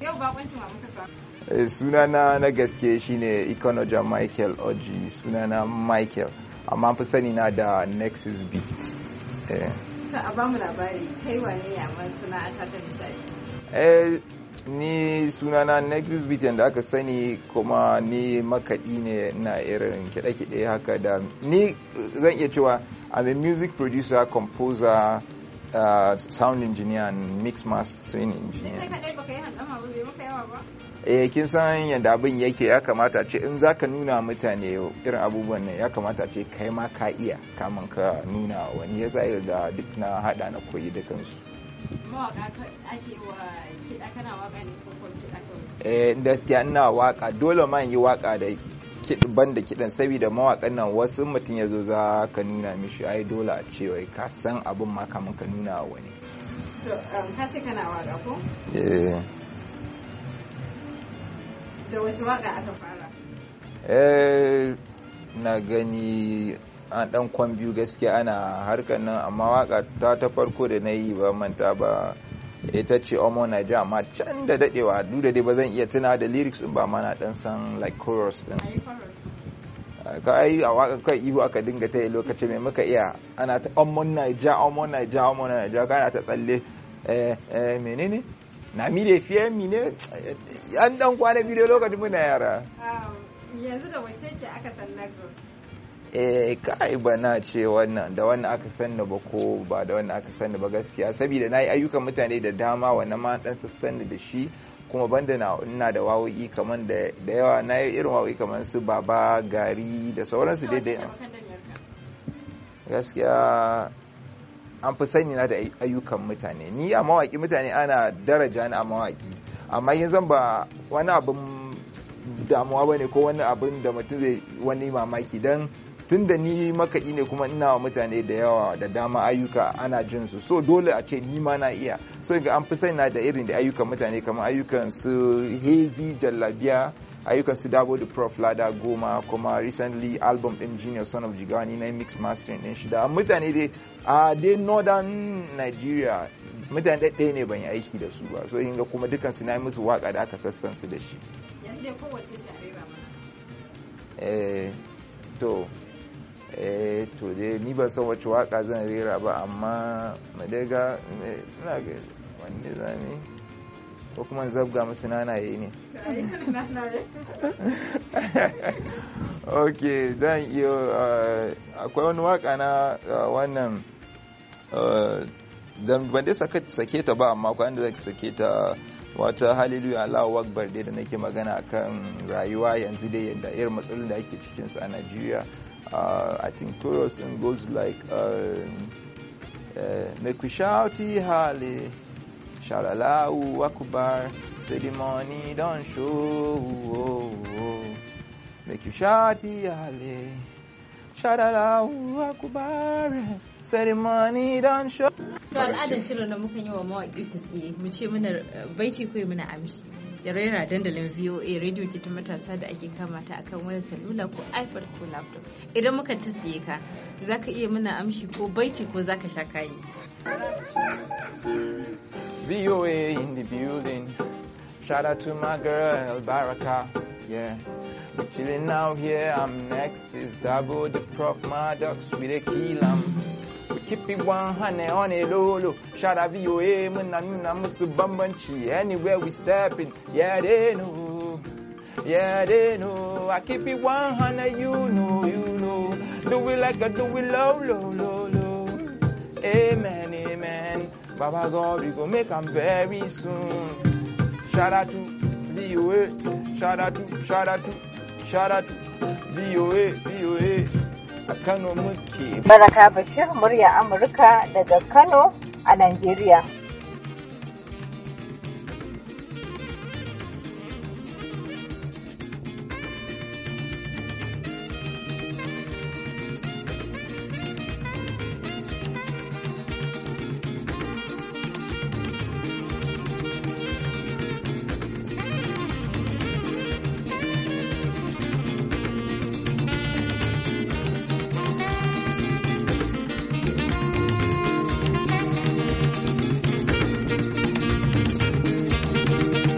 Yau bakoncin wa muka samu. Eh, sunana na gaske shine Ikonoja Michael Oji sunana Michael amma fi sani na da Nexus Beat. Eh. Ta a bamu labari kai wane ne suna masana'anta ta nishadi? Eh, ni sunana Nexus Beat yadda aka sani kuma ni makaɗi ne na irin kiɗe-kiɗe haka da ni zan iya cewa I'm a music producer, composer, uh, sound engineer and mix mastering engineer eh kin san yadda abin yake ya kamata ce in za ka nuna mutane irin abubuwan nan ya kamata ce kai ma ka iya kamun ka nuna wani ya zai ga duk na hada na koyi da kansu eh gaskiya ina waka dole ma yi waka da ban da kiɗan saboda mawaƙan nan wasu mutum ya zo za ka nuna mishi ai dole a cewa ka san abin ma kamun ka nuna wa wani um, kasi kana waƙa ko? da eh. wace waƙa aka fara? Eh, na gani an ɗan kwan biyu gaskiya ana harkar nan amma waƙa ta ta farko da na yi ba manta ba ita ce omo naija amma can da dadewa duk da dai ba zan iya tuna da lyrics ba ma na dan san like chorus din kai a waka kai ihu aka dinga ta lokacin mai muka iya ana ta omo naija omo naija omo k'a ana ta tsalle eh eh menene na mi da fiye mi ne an dan kwana biyu lokacin muna yara yanzu da wacce ce aka san lagos eh kai ba na ce wannan da wannan aka sanna ba ko ba da wannan aka sanna ba gaskiya saboda nayi ayyukan mutane da dama wannan ma dan sanna da shi kuma banda na ina da wawoyi kaman da da yawa na yi irin wawoyi kaman su baba gari da sauransu dai dai gaskiya an fi sani na da ayyukan mutane ni a mawaki mutane ana daraja ni a mawaki amma yin zan ba wani abin damuwa ba ne ko wani abin da mutum zai wani mamaki don tun da ni makaɗi ne kuma ina wa mutane da yawa da dama ayyuka ana jin su so dole a ce ni ma na iya so ga an fi na da irin da ayyukan mutane kamar ayyukan su hezi jallabiya ayyukan su dabo da prof lada goma kuma recently album ɗin junior son of jigani na mix mastering din shi da mutane dai a dai northern nigeria mutane ɗaya ne ban yi aiki da su ba so yin ga kuma dukkan su na yi musu waka da aka sassan su da shi yanzu kowace eh, to eh to dai ni ba so wace waka zan rera ba amma madaiga ina ga wanne zami ko kuma zabga musu nanaye ne ok dan iyo eh, akwai wani waka na eh, wannan eh, ban dai sake ta ba amma kwanan da zaki sake ta wata hallelujah Allahu akbar dai da nake magana kan rayuwa yanzu dai yadda irin matsalolin da ake cikinsu a Najeriya Uh, I think chorus and goes like Mekushauti um, uh, Hali Shalalau Akbar Ceremony don't show oh, oh, oh. Mekushauti Hali Shalalau Akbar Ceremony don't show To al'adar shirin da muka yi wa mawaƙi tafiye mu ce mana uh, baiti ko mana amshi ya raira dandalin VOA radio ce ta matasa da ake kama ta akan wayar salula ko iPad ko laptop. Idan muka tsiye ka za ka iya muna amshi ko baiti ko za ka sha kayi. VOA in the building. Shout out to my girl Baraka. Yeah. We're chilling now here, I'm next. Is double the prop, my dogs with a kill. Keep it 100 on it, Lolo. Shout out to VOA, Munamuna, Musubambanchi. Anywhere we stepping, yeah, they know. Yeah, they know. I keep it 100, you know, you know. Do it like I do it low, low, low, low. Amen, amen. Baba God, we go make them very soon. Shout out to VOA. Shout out to, shout out to, shout out to VOA, VOA. a Kano muke. Baraka Bashir murya Amurka daga Kano a Najeriya.